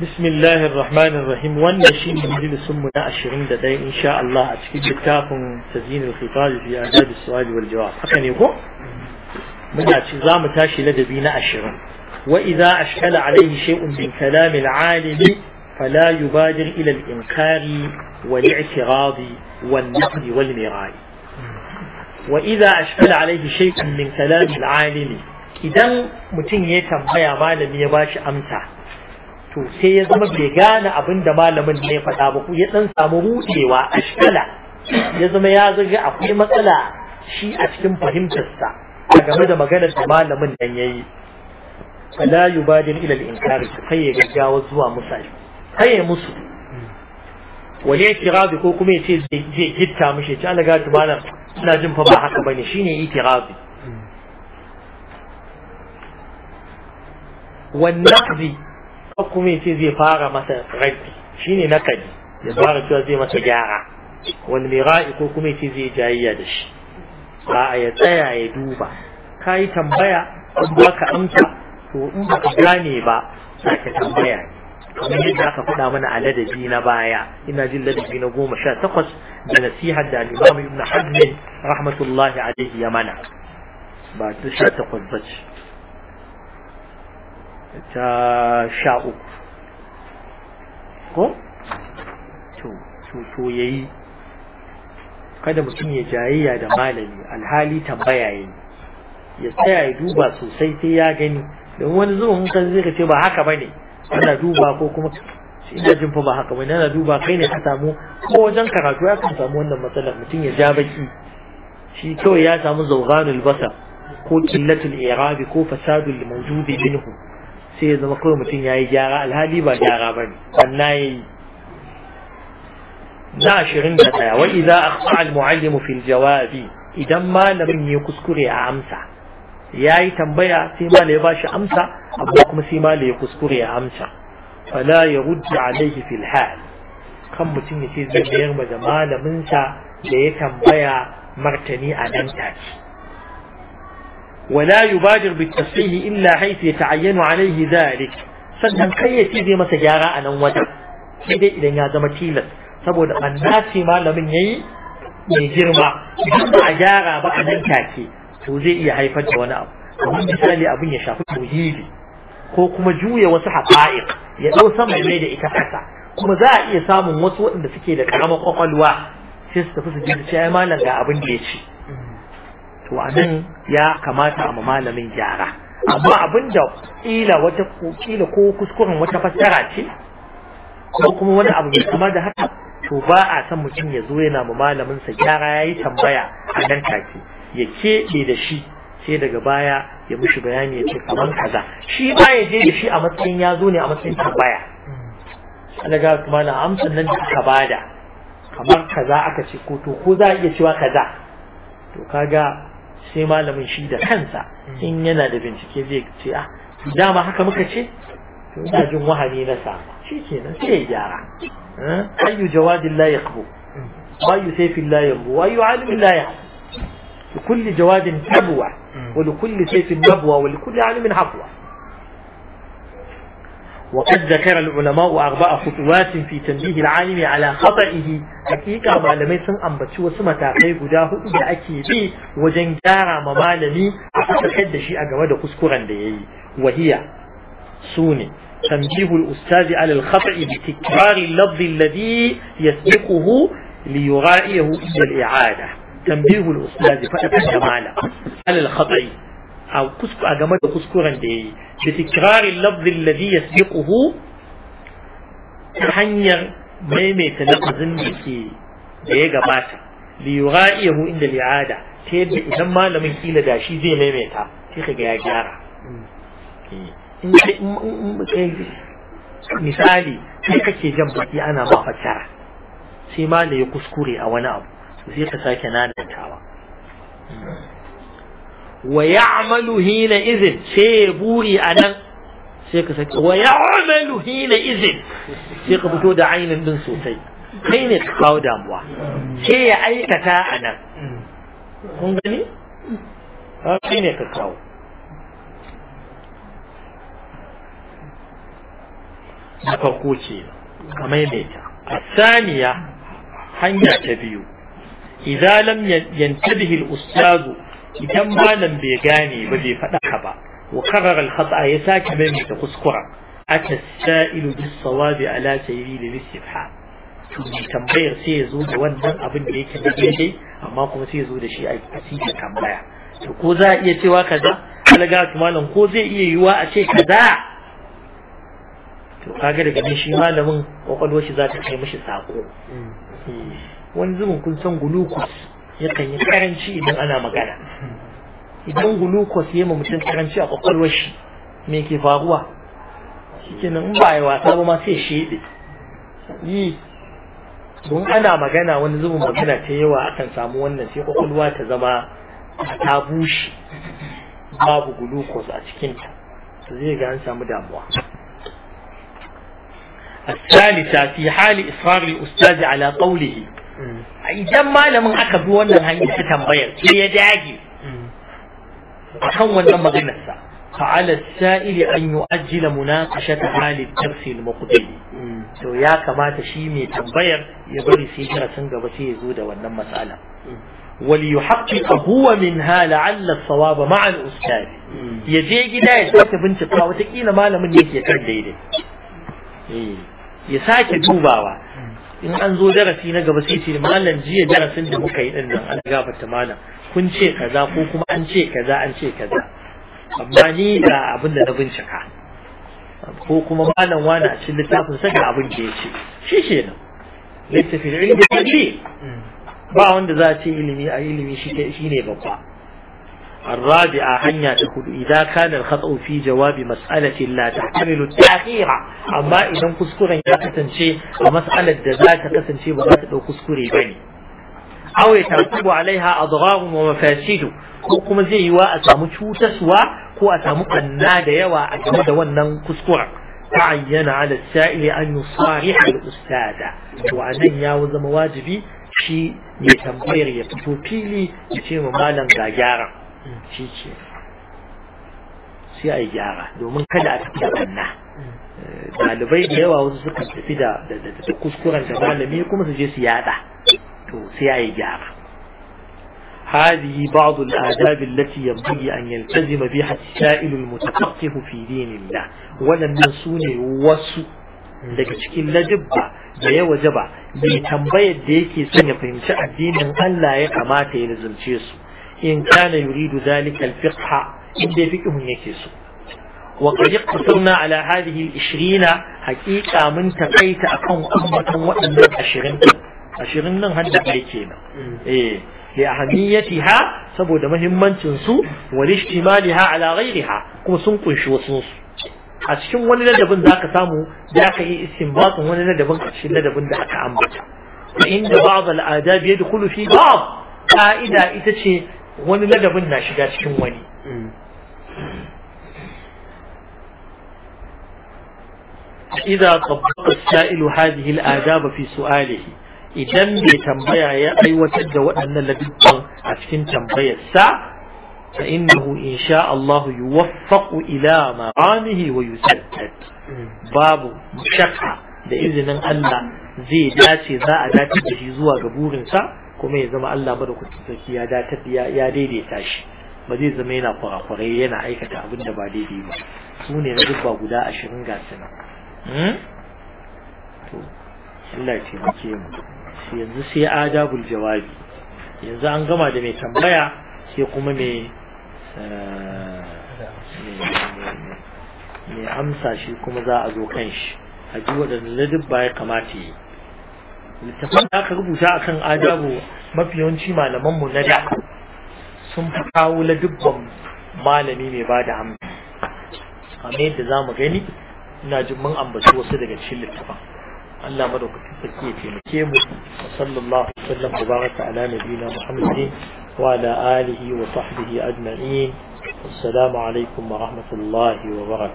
بسم الله الرحمن الرحيم وانا شيء مجلس منا عشرين دقيقة إن شاء الله أتكيد كتاب تزيين الخطاب في آداب السؤال والجواب حقا يقول من اعتزام تاشي لدبين عشرين وإذا أشكل عليه شيء من كلام العالم فلا يبادر إلى الإنكار والاعتراض والنقد والمراء وإذا أشكل عليه شيء من كلام العالم إذا متن يتنبيا مالم يباش أمتع to sai ya zama bai gane abin da malamin ne ya faɗa ba ku ya dan samu rudewa a shikala ya zama ya zaga akwai matsala shi a cikin fahimtarsa a game da maganar da malamin dan yayi yi fala yubadin ila al inkar kai ya gaggawa zuwa musali kai ya musu wani itirazi ko kuma ya ce zai gitta mushe ci alaga tubana ina jin fa ba haka bane shine itirazi wannan kuma yace zai fara masa rabbi shine nakadi ya fara cewa zai masa gyara wani mira'i ko kuma yace zai jayayya da shi a ya tsaya ya duba ka yi tambaya ba ka amsa to in ka gane ba sake tambaya ne kamar yadda aka faɗa mana a ladabi na baya ina jin ladabi na goma sha takwas da nasihar da alimami ibn hajjin rahmatullahi alaihi ya mana ba ta sha takwas ba ce ta sha uku ko to yayi kada mutum ya jayayya da malami alhali tambaya yi ya tsaya ya duba sosai sai ya gani don wani zuwan kan zai ka ce ba haka bane ana duba ko kuma ina jin fa ba haka bane ana duba kai ne ka samu ko wajen karatu ya kan samu wannan matsalar mutum ya ja baki shi kawai ya samu zawganul basar ko killatul i'rabi ko fasadul mawjubi minhu sai ya zama kawai mutum ya yi gyara alhali ba gyara ba ne na yi na ashirin da daya wa iza a al muallimu fil jawabi idan malamin ya kuskure a amsa ya yi tambaya sai malai ya bashi amsa amma kuma sai malai ya kuskure a amsa fala ya rudda alaihi fil hal kan mutum ya ce zai ma da malaminsa da ya tambaya martani a nan take ولا يبادر بالتصحيح إلا حيث يتعين عليه ذلك sannan kai ya ce zai masa gyara a nan wajen sai dai idan ya zama tilas saboda annaci malamin ya yi mai girma idan ba a gyara ba a nan take to zai iya haifar da wani abu kamar misali abin ya shafi tauhidi ko kuma juya wasu haƙa'iq ya ɗau sama mai da ita kasa kuma za a iya samun wasu waɗanda suke da karamar ƙwaƙwalwa sai su tafi su je su ce malam ga abin da ya ce to anan ya kamata a malamin gyara amma abin da kila wata kila ko kuskuren wata fassara ce ko kuma wani abu mai kamar da haka to ba a san mutum ya zo yana ma malamin sa gyara yayi tambaya a nan take ya keɗe da shi sai daga baya ya mushi bayani ya ce kamar kaza shi ba ya je da shi a matsayin ya zo ne a matsayin tambaya ana ga kuma na amsan nan da aka bada kamar kaza aka ce ko to ko za a iya cewa kaza to kaga sai malamin shi da kansa in yana da bincike zai ce ah dama haka muka ce to ina jin wahani na sama shi kenan sai ya gyara ayu jawadin la yaqbu ayu واي سيف لا يربو واي عالم لا يحفو لكل جواد تبوى ولكل سيف نبوى kulli عالم حفوى وقد ذكر العلماء أربع خطوات في تنبيه العالم على خطئه حقيقة ما لم يسن أنبتش وسمى تاقي قداه إذا أكيدي وجنجارا ممالمي أتكد شيء أقواد قسكرا ليه وهي سوني تنبيه الأستاذ على الخطأ بتكرار اللفظ الذي يسبقه ليرائيه إلى الإعادة تنبيه الأستاذ فتكد مالا على الخطأ أو كسكو أقامد كسكرا ليه بتكرار اللفظ الذي يسبقه تحنير ميمي تلقزن بكي بيجا باتا ليغائيه عند الإعادة تيب إذن ما لم يكيل داشي زي ميمي تا تيخي يا جارة إيه. مثالي kai كي jan أنا ما ma سيما sai ma ya kuskure a wani wa ya'malu hina izin sai buri a nan sai ka saki wa ya'malu hina izin sai ka fito da ainin din sosai kai ne ka kawo damuwa sai ya aikata a nan kun gani kai ne ka kawo na farko ce ka maimaita a saniya hanya ta biyu إذا لم ينتبه الأستاذ idan malam bai gane ba bai faɗa ka ba wa karar alkhata ya sake maimaita kuskura aka sa'ilu bis sawabi ala tayri da lisifha to mai tambayar sai ya zo da wannan abin da yake da daidai amma kuma sai ya zo da shi a cikin tambaya to ko za a iya cewa kaza alga malam ko zai iya yiwa a ce kaza to kaga daga nan shi malamin kwakwalwar shi za ta kai mishi sako mm. wani zubin kun san glucose yakan yi karanci idan ana magana idan glucose ya ma mutum karanci a kwakwalwar shi me ke faruwa shikenan in ba ya wasa ba ma sai shede yi don ana magana wani zubin magana ta yawa akan samu wannan sai kwakwalwa ta zama ta bushe babu glucose a cikinta ta zai ga an samu damuwa الثالثة في حال إصرار الأستاذ على قوله idan malamin aka bi wannan hanyar ta tambayar sai ya dage akan wannan maganarsa فعلى السائل أن يؤجل مناقشة حال الدرس المقبل to ya kamata shi mai tambayar ya bari sai darasin gaba sai ya zo da wannan matsala wal yuhaqqiqa huwa minha la'alla as-sawab ma'a al-ustad ya je gida ya sake bincika wata malamin ne ke kan daidai eh, ya sake dubawa in an zo darasi na gaba sai ce malam jiya darasin da muka yi dinnan an ta malam kun ce kaza ko kuma an ce kaza an ce kaza amma ni da abin da na bincika ko kuma malam wani a cikin littafin sa ga abin da ya ce shi ke nan littafin ilimi ba wanda za a ce ilimi a ilimi shi ne babba الرابعة هنيا تقول إذا كان الخطأ في جواب مسألة لا تحتمل التأخير أما إذا كسكورا يقتن شيء ومسألة ذات قتن شيء وذات لو كسكوري بني أو يترتب عليها أضرار ومفاسد كوكما زي يوا أسامو تسوى كو أسامو قناد يوا أجمد ونن كسكورا تعين على السائل أن يصارح الأستاذ وأن ياوز مواجبي شيء يتنبير يفتو فيلي يتيم مالا غيارا shi ce sai a yi gyara domin kada a tafi da banna eh, ɗalibai da yawa wasu suka tafi da kuskuren da malami kuma su je su yada to sai a yi gyara هذه بعض الآداب التي ينبغي أن يلتزم بها السائل المتفقه في دين الله ولن نسوني وسو daga cikin ba da ya wajaba mai tambayar da yake son ya fahimci addinin Allah ya kamata ya nazarce su إن كان يريد ذلك الفقه إن فقه يكيس وقد اقتصرنا على هذه الإشرين حقيقة من تقيت أكون أمة وإن أشغن أشغن هند أليكينا إيه لأهميتها سبو دمهم تنسو والاشتمالها على غيرها كما سنقن شو سنسو أشكم ولا دبن ذاك سامو ذاك إيه استنباط ولا دبن شلا دبن ذاك أمة فإن بعض الآداب يدخل في بعض فإذا إتتشي wani ladabin na shiga cikin wani إذا طبق السائل هذه الآداب في سؤاله idan bai tambaya ya aiwatar da waɗannan labibban a cikin tambayarsa fa innahu insha Allah yuwaffaqu ila maramihi wa yusaddad mm. babu shakka da izinin Allah zai dace za a dace da shi zuwa ga burinsa kuma ya zama Allah madaukakin sarki ya datar ya daidaita shi ba zai zama yana kwarakwarai yana aikata abin da ba daidai ba su ne na dubba guda ashirin ga suna hmm? to Allah ya taimake mu yanzu sai adabul jawabi yanzu an gama da mai tambaya sai kuma mai eh, mai amsa shi kuma za a zo kan shi a ji waɗanda ladubba ya kamata yi littafin da aka rubuta kan adabu mafi yawanci malamanmu na da sun fi kawo ladubban malami mai ba da A kamar yadda za mu gani ina jin mun ambaci wasu daga cikin littafin Allah madaukakin sarki ya taimake mu sallallahu sallam wa baraka ala nabiyina muhammadin wa ala alihi wa sahbihi ajma'in assalamu alaikum wa rahmatullahi wa